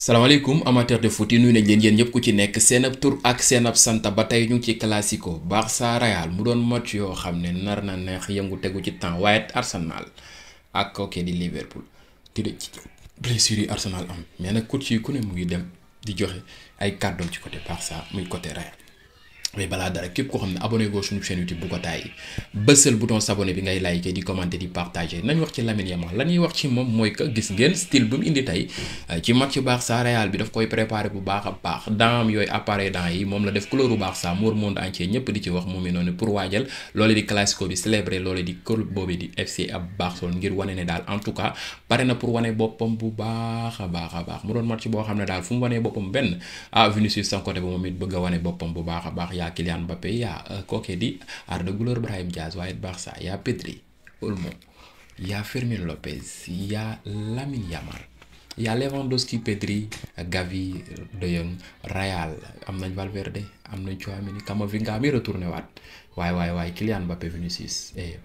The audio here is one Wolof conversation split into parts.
salaamaaleykum amateur de foot yi nuyu ne leen yéen ñëpp ku ci nekk seen tur ak seen ab santa ba tey ñu ngi ci classico Barça Real mu doon match yoo xam ne nar na neex yëngu tegu ci temps waaye Arsenal ak kooku di Liverpool te de blessure yi Arsenal am mais nag coach yi ku ne mu ngi dem di joxe ay kàddoom ci côté Barça muy côté Real. mais balaa dara képp koo xam ne abonné goo suñu chaîne YouTube bu ko tàyyi bësal bouton s'abonner bi ngay liker di commenter di partager nañ wax ci Lamine Yamal la wax ci moom mooy gis ngeen style bu mu indi tey euh, ci match Barça Real bi daf koy préparer bu baax a baax dam yooyu appareil dents yi moom la def couleur bu Barça mu wër monde entier ñëpp di ci wax moom mi noonu pour waajal loole di classico bi célébrer loole di club boobu di FC ab Barcelone ngir wane ne daal en tout cas pare na pour wane boppam bu baax a baax a baax mu doon match boo xam ne daal fu mu ah, wane boppam bu y' a Kylian Mbappé a euh, kooku di Arda Güler Brahim Diaz waaye Barça y' a Pedri Olmo y' a Fermin Lopez y' a Lamine Yamal y' a Lewandowski Pedri Gavi De Jong am nañ Valverde am nañ Tchouaméni nga mi retourné waat waay waay waay Kylian Mbappé Vinicius eh.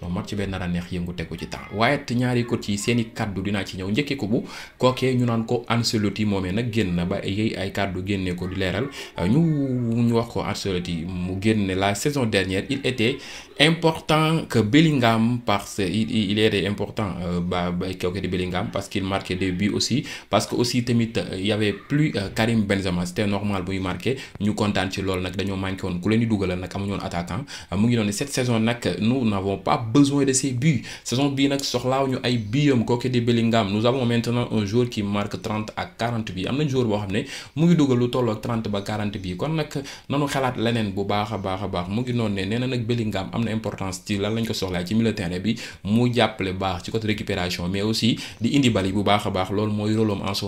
moom match bee nar a neex yëngu tegu ci temps waaye it ñaari coach yi seen i kaddu dinaa ci ñëw njëkkee ko bu kookee ñu naan ko Ancelotti moomee nag génn na ba yey ay kaddu génnee ko di leeral ñu ñu wax ko Ancelotti mu génne la saison dernière il était important que Bellingham parce que il était important euh, ba ba kooku di Bellingham parce qu'il marquait des aussi parce que aussi tamit euh, y avait plus euh, Karim Benzema c'était normal buy marqué ñu kontaan ci loolu nag dañoo manqué woon ku leen di dugalal nag amuñu woon attaquant mu saison nag nous n'avons pas besoin de ses buts saison bii nag soxlaaw ñu ay biyam kooku di Bellingham nous avons maintenant un joueur qui marque trente ak quarante bi am na joueur boo xam ne mu ngi dugal lu toll ak trente ba quarante bi kon nag nanu xalaat leneen bu baax a baax a baax mu ngi noonu ne nee na nag Bellingham am na importance ci lan lañ ko soxlaa ci milieu terrain bi mu jàppale baax ci côté récupération mais aussi di indi bal bu baax a baax loolu mooy rôle am en ce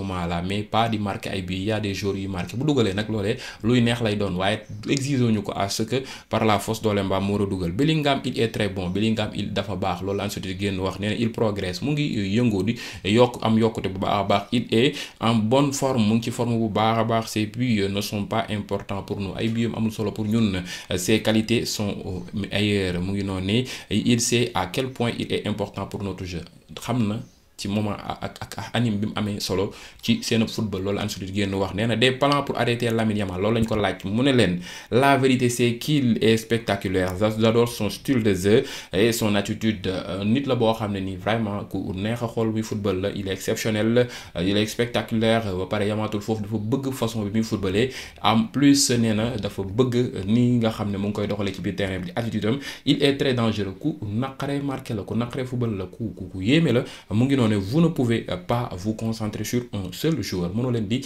a des joueurs yu marqué bu dugalee nag loolee luy neex lay doon waaye exige ñu ko à ce que par la force doole mbaam mu war a dugal Bellingham am il dafa baax loolu Ancelotti génn wax nee il progresse mu ngi yëngoo di yokk am yokkute bu baax a baax il est en bonne forme mu ngi ci forme bu baax a baax ses buts ne sont pas important pour nous ay butam amul solo pour ñun na ses qualités sont ailleurs mu ngi noonu ne il sait à quel point il est important pour notre jeu xam na ci moment ak ak anime bi mu amee solo ci seen football loolu Ancelotti génn wax nee na des plans pour arrêter Lamine Yamal loolu lañ ko laaj mu ne leen la vérité c'est qu'il est spectaculaire j'adore son style de jeu et son attitude euh, nit la boo xam ne nii vraiment ku neex xool muy football la il est exceptionnel euh, il est spectaculaire ba pare yamaatul foofu dafa bëgg façon bi muy footballé en plus nee na dafa bëgg nii nga xam ne mu ngi koy doxalee ci biir terrain bi attitude am il est très dangereux ku naqaree marqué la ku naqaree football la ku ku yéeme la mu ngi noonu ne vous ne pouvez pas vous concentrer sur un seul joueur mënoo di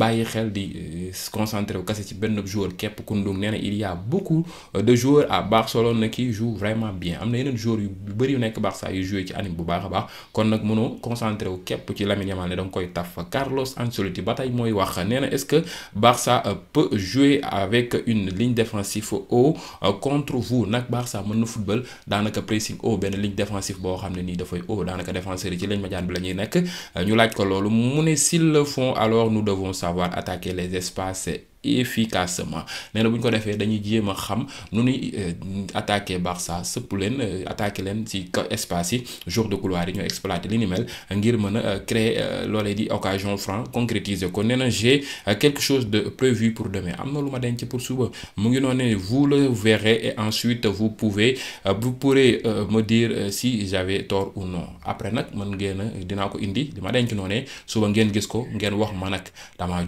bàyyi xel di euh, concentrer wu ci benn joueur képp Koundoung nee na il y a beaucoup de joueurs à Barcelone qui jouent vraiment bien am na yeneen joueurs yu bëri yu nekk Barça yu joué ci anime bu baax a baax kon nag mënoo concentré wu képp ci Lamine Yamal ne da nga koy taf Carlos Ancelotti ba tey mooy wax nee na est-ce que Barça peut jouer avec une ligne défensive haut euh, contre vous nag Barça mën na football daanaka pressing haut benn ligne défensive boo xam ne nii dafay haut daanaka défenseur yi ci lañ Badiane bi la ñuy nekk ñu laaj ko loolu mu ne s'ils le font alors nous devons savoir attaquer les espaces efficacement nee na bu ñu ko defee dañuy jéem a xam nu ñuy euh, attaquer Barça sëppu leen euh, attaque leen ci espace yi jour de couloir yi ñoo exploité li ni mel ngir mën a euh, créer loole di occasion franc concrétiser ko nee na j'ai quelque chose de prévu pour demain am na lu ma denc pour suba mu ngi noonu vous le verrez et ensuite vous pouvez vous pourrez ma diir si j'avais tort ou non après nag man ngeen a dinaa ko indi li ma denc noonu suba ngeen gis ko ngeen wax ma nag dama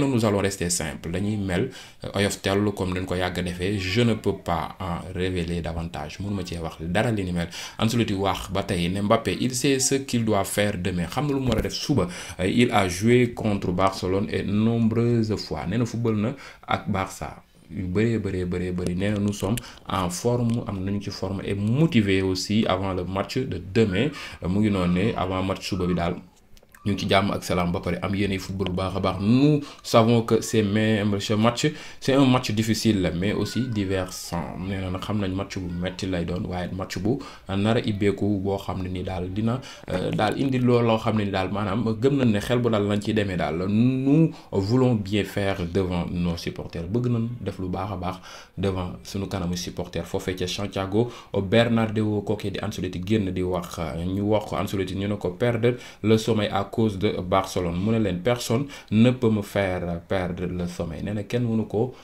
nee na nous allons rester simple dañuy mel euh, oyof tellu comme dañ ko yàgg defee je ne peux pas en révéler davantage mënuma cee wax dara li ni mel Ancelotti wax ba tey ne Mbappé il sait ce qu'il doit faire demain xam na lu mu war a def suba euh, il a joué contre Barcelone et nombreuses fois nee na football na ak Barça yu bëree bëree bëree bëri nee na nous en forme am nañu ci forme et motivés aussi avant le match de demain euh, mu ngi noonu ne avant match suba bi daal ñu ngi ci jàmm ak salaam ba pare am yéenay football bu baax a baax nous savons que c'est mais ce match c'est un match difficile mais aussi divertissant nee na xam nañ match bu metti lay doon waaye match bu nara ibbeeku boo xam ne ni daal dina euh, daal indi loolu loo xam ne ni daal maanaam gën nañ ne xel bu daal lañ ci demee daal nous voulons bien faire devant nos supporters bëgg nañ def lu baax a baax devant suñu kanamu supporters foofee ca Santiago Bernabéu kookee di Ancelotti génn di wax ñu wax ko Ancelotti ñu ne ko perdre le sommeil cause de Barcelone mu ne leen personne ne peut me faire perdre le sommeil nee na kenn mënu ko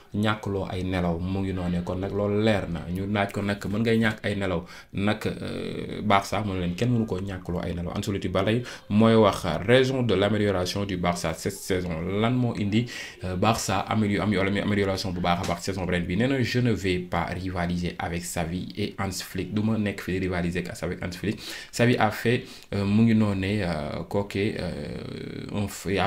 ay nelaw mu ngi noonee kon nag loolu leer na ñu naaj ko nag mën ngay ñàkk ay nelaw nag euh, Barça mu ne leen kenn mënu koo ñàkkloo ay nelaw ba mooy wax raison de l' amélioration du Barça cette saison lan moo indi euh, Barça amélio amélioration bu baax a baax saison ren bi ne vais pas rivaliser avec Xavi et Hans du ma nekk fi rivaliser avec Hans Flick euh, mu ngi noonee kooke et, euh, on fait,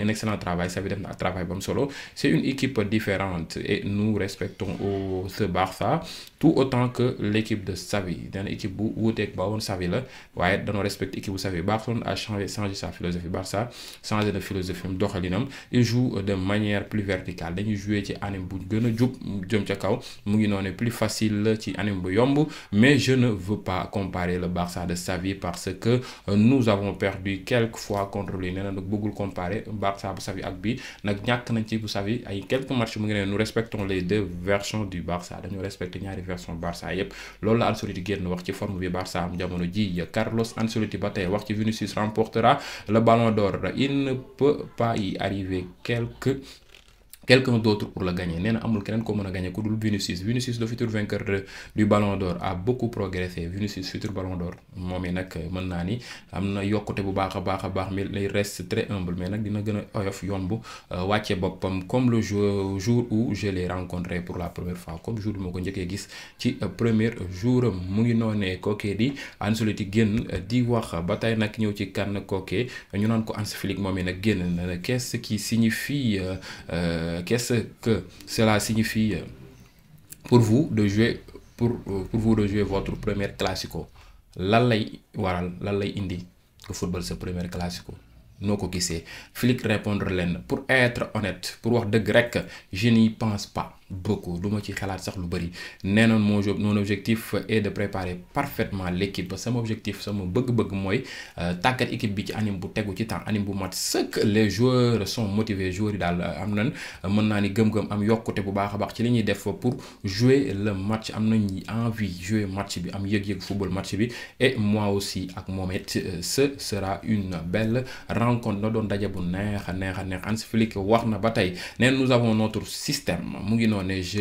un excellent travail ça veut dire un travail bon solo c'est une différente et nous respectons au, ce Barça tout autant que l'équipe de Xavi dans l'équipe bu wuuteeg ba woon Xavi la waaye dañoo respecte équipe bu Xavi Barcelone a changé changé sa philosophie Barça changé de philosophie am doxalinam il joue de manière plus verticale dañuy jouer ci anam bu gën a jub jëm ca kaw mu ngi noonu plus facile la ci anam bu yomb mais je ne veux pas comparer le Barça de Xavi parce que nous avons perdu quelques fois contre lui nee na bëggul comparer séparé Barça bu Xavi ak bii nag ñàkk nañ ci bu Xavi ay quelques matchs mu ngi ne nous respectons les deux versions du Barça dañoo respecté ñaari version Barça yépp loolu la Ancelotti génn wax ci forme bi Barça am jamono ji Carlos Ancelotti ba tey wax ci Vinicius remportera le ballon d'or il ne peut pas y arriver quelque quelqu'un d'autre pour la gagner nee na amul keneen ko mën a gagner ku dul Vinicius Vinicius le futur vainqueur du Ballon d'Or a beaucoup progressé Vinicius futur Ballon d'Or moom i nag mën naa ni am na yokkute bu baax a baax a baax mais il reste très humble mais nag dina gën a oyof yoon bu euh, wàcce boppam comme le jour où je l'ai pour la première fois comme jour bi moo ko njëkkee gis ci euh, premier jour am mu ngi noonee kookee di Ancelotti génn euh, di wax ba tey nag ñëw ci kan kookee ñu naan ko Hansi moom i nag génn na qu'est-ce qui signifie Euh, qu'est-ce que cela signifie euh, pour vous de jouer pour euh, pour vous de jouer votre premier classico lan lay waral lan lay indi nga football sa premier classico noo ko gisee Flick répondre leen pour être honnête pour wax dëgg rek je n'y pense pas beaucoup du ma ci xalaat sax lu bëri nee na mon mon objectif est de préparer parfaitement l'équipe sama objectif sama bëgg-bëgg mooy euh, tàggat équipe bi ci anim bu tegu ci temps anime bu mat sëkk les joueurs sont motivés joueurs yi daal euh, am nañ euh, mën naa ni gëm-gëm am yokkute bu baax a baax ci li ñuy def pour jouer la match am na ñu envie jouer match bi am yëg-yëg football match bi et moi aussi ak moom it ce sera une belle rencontre na doon daje bu neex a neex a neex Hans Flick wax na ba tey nee nous on est je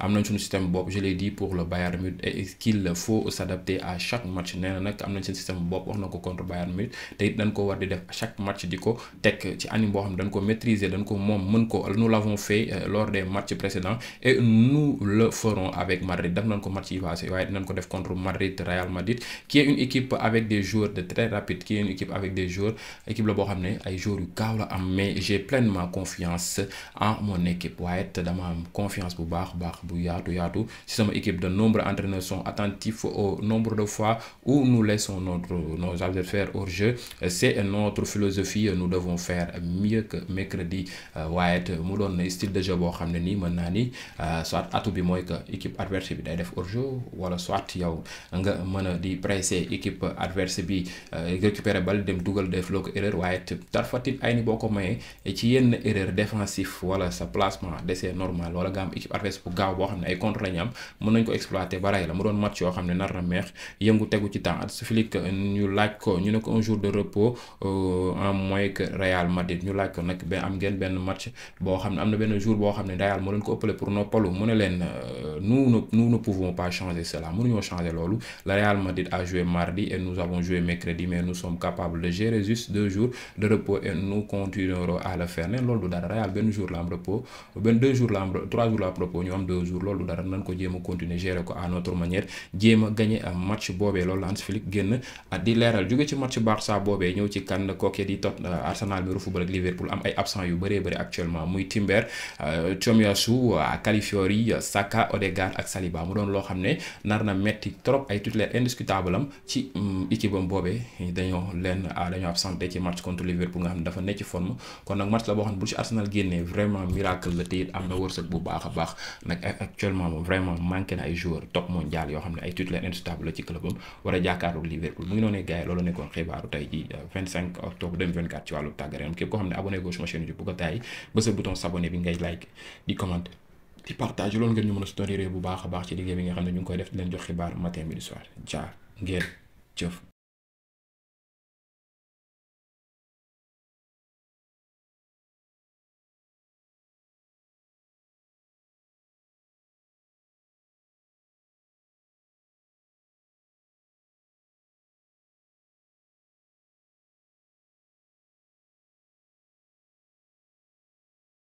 am nañ suñu système bopp je l'ai pour le Bayern Munich et qu'il faut s'adapter à chaque match nee nag am nañ seen système bopp wax na ko contre Bayern Munich te it dañ ko war di def chaque match di ko teg ci anime boo xam dañ ko maîtriser dañ ko moom mën ko nous l'avons fait euh, lors des matchs précédents et nous le ferons nañ ko match yi passé waaye dinañ ko def contre Madrid Real Madrid qui est une équipe avec des joueurs de très rapide ki est une équipe avec des joueurs équipe la boo xam ne ay jour yu gaaw la am mais j'ai pleinement confiance en mon équipe waaye it dama am confiance bu baax baax bu yaatu yaatu ci sama équipe de nombre entraîneurs sont attentifs au nombre de fois où nous laissons notre nos adversaires hors jeu c'est notre philosophie nous devons faire mieux que mercredi euh, waaye it mu doon style de jeu boo xam ne nii mën naa ni euh, soit atu bi mooy que équipe adverse bi day def hors jeu wala soit yow nga mën a di presser équipe adverse bi euh, récupérer bal dem dugal def loo ko erreur waaye it tarfatit ay ni boo ko ci yenn erreur défensif wala sa placement d'essai normal wala nga am équipe adverse bu gaaw boo xam ne ay contre la ñu am mën nañ ko exploiter ba rey la mu doon match yoo xam ne nar na meex yëngu tegu ci temps su filik euh, ñu laaj ko ñu ne ko un jour de repos euh, en moins que Real Madrid ñu laaj ko nag benn match boo xam ne am na benn jour boo xam ne Real moo leen ko ëppale pour noppalu mu ne leen euh, nous ne nous ne pouvons pas changer cela mënuñoo changer loolu la Real Madrid a joué mardi et nous avons joué mercredi mais nous sommes capables de gérer juste deux jours de repos et nous continuerons à le faire loolu dara Real benn trois jours la propos ñu am deux jours loolu dara nañ ko jéem a continuer gérer ko à notre manière jéem a gagné match boobee loolu Hans Flick génn ah, di leeral jóge ci match Barça boobee ñëw ci kan kooke di tot ah, Arsenal bi football ak Liverpool am ay absent yu bëree bëri actuellement muy Timber ah, Tomiyasu Calafiori Saka Odegaard ak Saliba mu doon loo xam ne nar na metti trop ay titulaire indiscutable am ci mm, équipe am dañoo leen dañoo absenté ci ci match la bu baax a baax nag actuellement moom vraiment manqué na ay joueurs top mondial yoo xam ne ay titulaire indiscutable la ci club war a jàkkaarloog Liverpool mu ngi noonee gars loolu nekkoon xibaaru tey ji euh, ne abonné goo sa bouton s'abonner bi ngay like di commenter di partage loolu ngeen ñu mën a stori bu baax a baax ci liggéey bi nga xam ne ñu ngi koy def leen jox xibaar matin midi soir jaar ngeen jëf